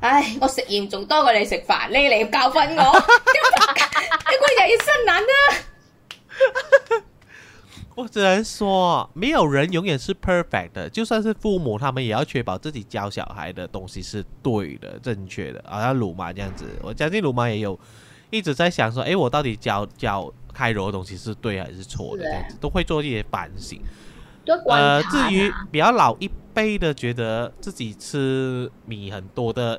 唉，我食鹽仲多過你食飯，你嚟教訓我，你關又要伸懶我只能說，沒有人永遠是 perfect 的，就算是父母，他們也要確保自己教小孩的東西是對的、正確的。啊，魯媽這樣子，我相信魯媽也有一直在想說，誒、欸，我到底教教開柔的東西是對還是錯的這樣子，樣都會做一些反省。呃啊、至於比較老一輩的，覺得自己吃米很多的。